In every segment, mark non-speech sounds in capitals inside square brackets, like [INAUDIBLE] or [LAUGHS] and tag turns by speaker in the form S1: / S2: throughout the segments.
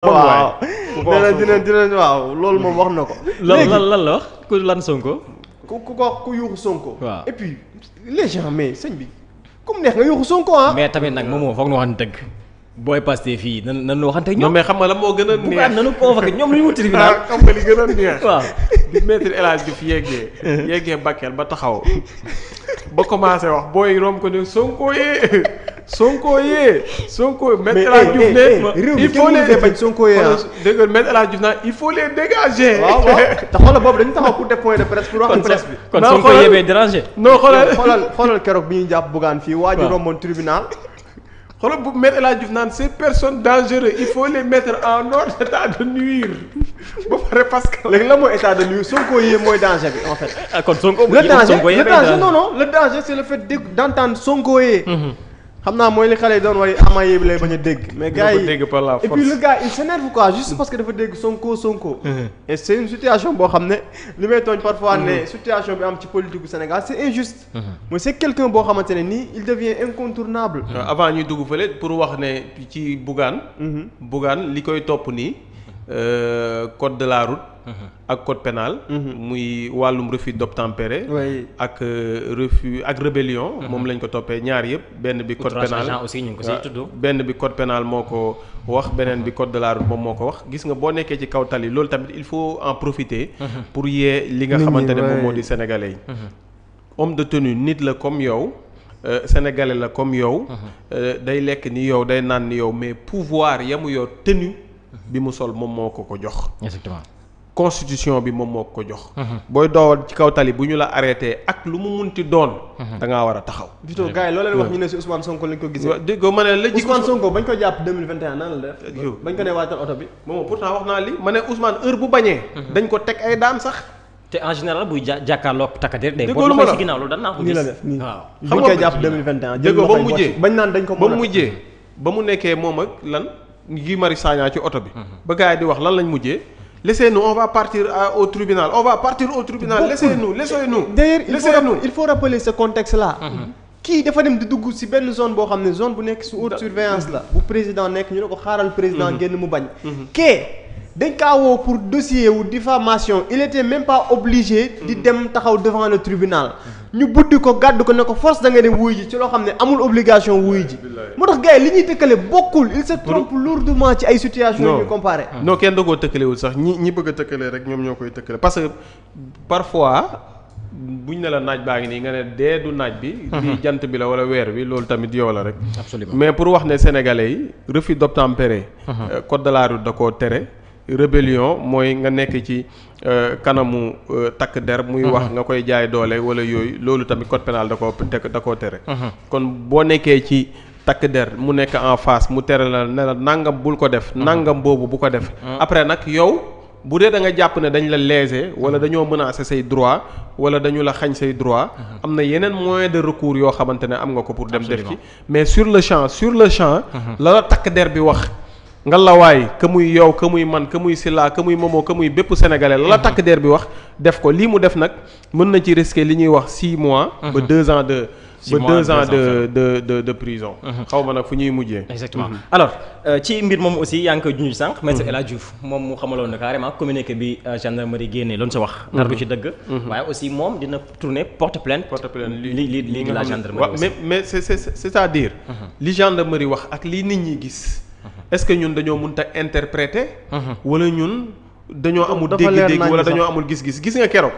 S1: waaw
S2: nee na dina dina waaw loolu moom wax na ko. lan lan la wax ku lan Sonko.
S1: ku ku ko ku yuuxu Sonko. waa et puis les gens mais sëñ bi comme neex nga yuuxu Sonko ah. mais tamit nag moom moo foog ñu waxante dëgg. booy Pastef fii na nan waxante ñoom. non mais xam na la moo gën a neex bu baax nanu
S3: convoqué ñoom lu ñu wut tribunal ah, xam nga li gën neex.
S1: waaw bi maître El Hadj Diouf
S3: yeggee. yeggee Bakel ba taxaw ba commencé wax booy romb ko ne Sonko yee. Sonko yee. Sonko maître El Hadj Diouf ne il faut les yee ah. dégg les dégager. waaw waaw [LAUGHS] te xoolal boobu dañu taxaw bi. kon Sonko jàpp Bougane fii waa ji romboon tribunal. xoolal bu maître El Hadj Diouf naan ces personnes dangereuses en ordre que. léegi la mooy état de nuire Sonko yee mooy danger bi
S2: en
S1: fait. Ah, kon Sonko le danger danger non
S2: non le danger c'est Sonko yee. xam naa mooy li xale yi doon way ama yi lay bañ dégg. mais gars yi dégg
S1: par
S3: la
S2: force et puis le gars juste parce que dafa dégg sonko sonko. Mm-hmm. et c'est situation boo xam ne li may tooñ parfois ne mm-hmm. situation bi am ci politique bu Sénégal c'est injuste. Mm-hmm. mooy c'est quelqu'un boo xamante ne nii il devient incontournable.
S3: avant ñuy dugg fële pour wax ne ci Bougane. Bougane li koy topp nii. Euh, code de la route. Mm-hmm. ak code pénal. Mm-hmm. muy wàllum refus d'obtempérer. ak euh, refus ak rébellion. Mm-hmm. moom lañ ko toppee ñaar yëpp benn bi. code pénal aussi ñu benn bi code pénal moo ko wax beneen bi code de la route moom moo ko wax gis nga boo nekkee ci kaw tali loolu tamit il faut en profiter. pour yee li nga xamante ne moo di sénégalais yi. homme de tenue nit la comme yow. Euh, sénégalais la comme yow. Euh, day lekk ni yow day naan ni yow mais pouvoir yamu yow tenu bi mu sol moom moo ko ko jox. exactement constitution bi moom moo ko ko jox. Mm-hmm. booy doowal ci kaw tali bu ñu la arrêté ak lu mu munti doon. Mm-hmm. da ngaa war a taxaw. Vito gars yi loo wax ñu ne si Ousmane Sonko lañ ko gisee. waaw dégg nga ma ne la ji Ousmane Sonko bañ ko jàpp 2021 nan la def. bañ ko ne waajal oto bi. moom pourtant wax naa ne Ousmane heure bu bañee. Mm-hmm. la nii la def ba mujjee mujjee ba mu nekkee moom ak lan Guy Marius Sagna ci oto bi. ba gars yi di wax lan lañ mujjee. laissez-nous on va partir euh, au tribunal on va partir au tribunal. laissez-nous
S2: laissez-nous. il faut il ce contexte là. Mhm. kii dafa dem di dugg ci benn zone boo xam ne zone bu nekk sous haute surveillance la. bu président nekk ñu ne ko xaaral président mhm. génn mu bañ. Mhm. kee dañ kaa woo pour dossier wu diffamation il était même pas obligé. di dem taxaw devant le tribunal. ñu buddi ko gàdd ko ne ko force da nga dem wuy ji ci loo xam ne amul obligation wuy ji moo tax gars li ñuy tëkkale bokkul il se trompe lourdement ci ay situation yu ñu comparé
S3: ah. non kenn da koo tëkkalewul sax ñi ñi bëgg a tëkkale rek ñoom ñoo koy tëkkale parce que parfois buñ ne la naaj baa ngi nii nga ne dee du naaj bi [LAUGHS] lii jant bi la wala weer bi loolu tamit yow la rek absolument mais pour wax ne sénégalais yi refus d'obtempérer [LAUGHS] euh, code de la route da koo tere rébellion mooy nga nekk ci euh, kanamu euh, takk der muy wax uh-huh. nga koy jaay doole wala yooyu loolu tamit code pénal da koo da koo tere uh-huh. kon boo nekkee ci takk der mu nekk en face mu tere la ne la nangam bul ko def uh-huh. nangam boobu bu ko def après nag yow bu dee danga jàpp ne dañ la léser wala dañoo mën menacer say droit wala dañu la xañ say droit am na yeneen mooy de recours yoo xamante ne am nga ko pour dem def ci mais sur le champ sur le champ la takk der bi wax nga la waay ka muy yow ka muy man ka muy sila ka muy momo ka muy bépp sénégalais la la mhm. takk der bi wax def ko lii mu def nag mën na ci risquer li ñuy wax six mois ba mhm. deux ans de ba deux ans de de de
S1: de mhm. euh, mu xamaloon na carrément communiqué bi euh, gendarmerie génnee loolu sa wax dara du ci dëgg waaye aussi moom dina tourner li li li la
S3: wax ak li nit ñi gis est-ce que ñun dañoo mënut a interpréter. Mhm. wala ñun dañoo amul. dégg-dégg wala dañoo amul gis-gis gis nga keroog.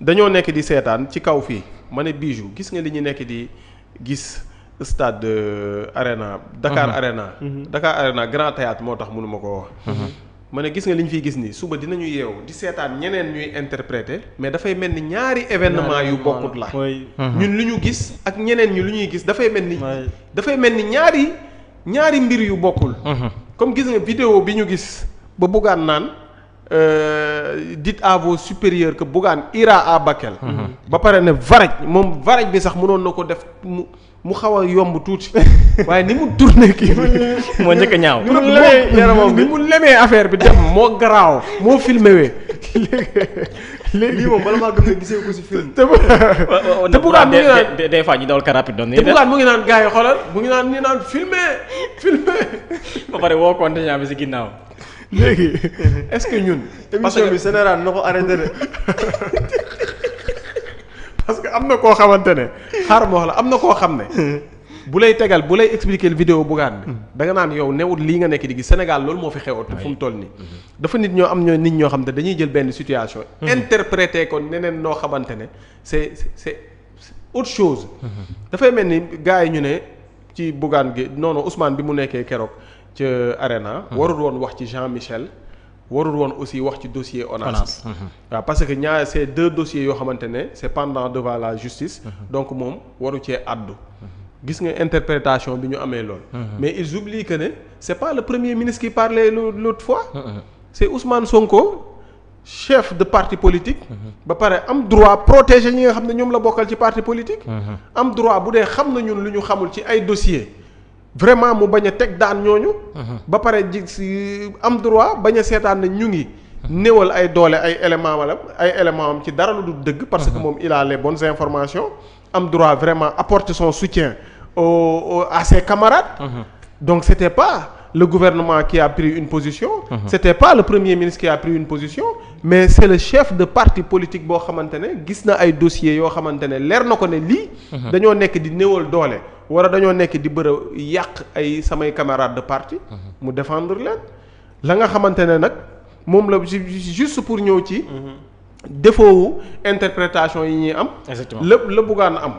S3: dañoo nekk di seetaan ci kaw fii ma ne bijou gis nga li ñu nekk di gis stade euh, Arena. Dakar mhm. Arena. Mhm. Dakar Arena grand théâtre moo tax mënuma koo ma ne gis nga li ñu fiy gis nii suba dinañu yeewu di seetaan ñeneen ñuy interpréter mais dafay mel ni ñaari événement yu bokkut la ñun lu ñu gis ak ñeneen ñi lu ñuy gis dafay mel ni. dafay mel ni ñaari. ñaari mbir yu bokkul. Mhm. comme gis nga vidéo bi ñu gis ba Bougane naan euh, dites à vos supérieurs que Bougane ira à Bakel. Mhm. ba pare ne varaj moom varaj bi sax mënoon na ko def mu mu xaw a yomb tuuti [LAUGHS] waaye ni mu tourné kii [LAUGHS] moo njëkk ñaaw. [LAUGHS] ni mu lemee affaire bi dem moo garaaw moo filmé wee léegi lii moom bala maa gëm ne gisee ko si film. te
S1: [LAUGHS] Bougane mu ngi naan des des fois ñu dawal ka rapide doon. te Bougane mu ngi naan gars
S3: yi xoolal mu ngi naan ñu naan filmé filmé.
S1: [LAUGHS] ba pare woo contingent bi si ginnaaw.
S3: léegi [LAUGHS] est-ce que ñun. émission bi général na ko arrêté de. parce que am na koo xamante ne xaaral ma la am na koo xam ne. bu lay tegal bu lay expliquer vidéo Bougane bi da nga naan yow newut lii nga nekk di gis Sénégal loolu moo fi xewat fu mu toll nii dafa nit ñoo am ñoo nit ñoo xam ne dañuy jël benn situation hmm. interpréter ko neneen noo xamante ne c'est c'est autre chose dafay mel ni gars yi ñu ne ci Bougane gi noonu Ousmane bi mu nekkee keroog ca hmm. warul woon wax ci Jean Michel warul woon aussi wax ci dossier ONAS hmm. waaw parce que ñaar c'est deux dossiers yoo xamante ne c'est pendant devant la justice donc moom waru cee àddu gis nga interprétation bi ñu amee lool. Mm-hmm. mais ils oublient que ne c'est par le premier ministre qui parlait l'autre fois. Mm-hmm. c'est Ousmane Sonko chef de parti politique. Mm-hmm. ba pare am droit protéger ñi nga xam ne ñoom la bokkal ci parti politique. am droit bu dee xam na ñun lu ñu xamul ci ay dossiers. vraiment mu bañ a teg daan ñooñu. ba pare jig ji am droit bañ a seetaan na ñu ngi. néewal ay doole ay éléments wala ay éléments am ci dara lu dul dëgg. parce que moom il a les bonnes informations. am droit vraiment apporter son soutien. au à ses camarades. Mmh. donc c'était pas le gouvernement ki a pris une position. Mmh. c'était pas le premier ministre qui a pris une position. mais c'est le chef de parti politique boo xamante ne gis na ay dossiers yoo xamante ne leer na ko ne lii. Mmh. dañoo nekk di néewal doole. wala dañoo nekk di bëri yàq ay samay camarades de parti. mu défendre leen. la nga xamante ne nag moom la juste pour ñëw ci. défaut wu interprétation yi ñuy am. exactement lépp la buggaan am.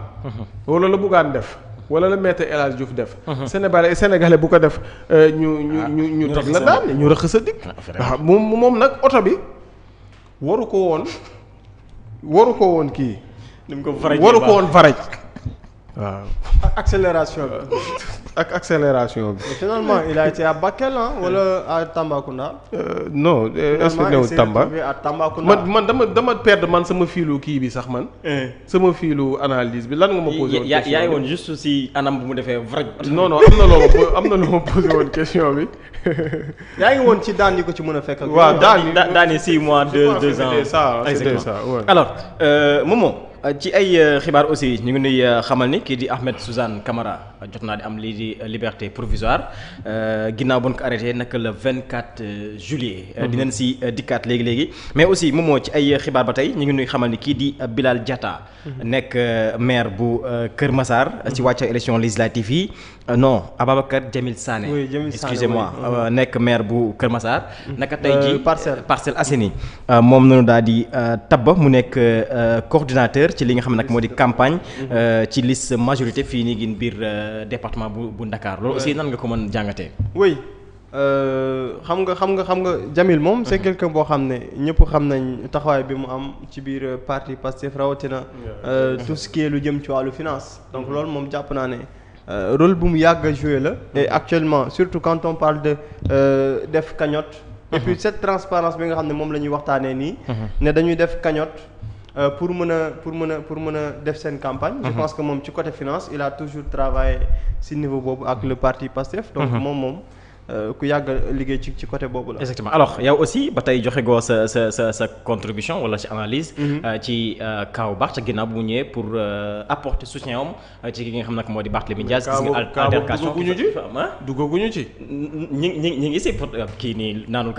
S3: wala la buggaan wala la maître El Hadj Diouf def. Uh-huh. sénégalais sénégalais bu ko def. Euh, ñu ah, ñu ñu ñu teg la daan ñu rëq sa dikk. waaw ah, ah, moom moom nag oto bi waru ko woon waru ko woon kii.
S1: ni mu ko faraj waru ko woon faraj
S3: waaw. [LAUGHS] ak accélération bi. finalement il a été
S2: à Bakel ah wala à Tambacounda.
S3: Euh, non euh, est-ce que néew Tamba man man dama dama perdre man sama fiilu kii bi sax man. Eh. sama fiilu analyse bi lan nga ma posé woon. question yaa ngi woon juste si anam bu mu defee
S1: vrai. non non am na loo
S3: ma am na loo ma posé woon question bi. [LAUGHS] yaa ngi woon ci daan
S2: yi ko ci mën a fekk. waaw daan yi daan yi mois deux deux ans. Ah, c'était ça c'était ça alors
S1: euh, Momo. ci ay euh, xibaar aussi ñu ngi nuy euh, xamal ni kii di Ahmed Suzanne Camara jot naa di am lii di liberté provisoire euh, ginnaaw bu ñu ko arrêté naka le 24 juillet. Mhm. dinañ si dikkaat léegi léegi mais aussi moom moo ci ay xibaar ba tey ñu ngi nuy xamal ni kii di Bilal Diatta. nekk maire bu Kër Massar. ci wàcca élection législative yi non Ababacar Jamil Sané. oui Jamil Sané excusez-moi nekk maire bu Kër Massar. naka tey ji Parcelles Parcelles Assainies moom nañu daal di tabba mu nekk coordinateur. leader ci li nga xam nag moo di campagne mhm. euh, ci liste majorité fii ni gin biir euh, département bu bu Ndakaar loolu aussi nan nga ko mën jàngatee
S2: oui euh, xam nga xam nga xam nga Jamil moom c'est mhm. boo xam ne ñëpp xam nañ taxawaay bi mu am ci biir parti Pastef rawatina tout ce lu jëm ci wàllu finance donc loolu moom jàpp naa ne rôle bu mu yàgg a joué la et mhm. actuellement surtout quand on parle de def cagnotte et puis transparence bi nga xam ne moom la ñuy waxtaanee nii ne dañuy def cagnotte Euh, pour mën a pour mën a pour mën a def seen campagne. je mhm. pense que moom ci côté finance il a toujours travaillé si niveau boobu ak le parti PASTEF. donc mhm. moom moom euh, ku yàgg liggéey ci ci boobu la.
S1: alors yow aussi ba tey joxe goo sa sa sa contribution wala ci analyse. Mhm. Euh, ci kaw Barth ca ginnaaw bu mu pour apporter soutien am ci ki nga xam nag moo di Barthélémy Dias. gis nga altercation dugaguñu ci ah? dugaguñu ci. ñi ñi ñi si kii nii naanul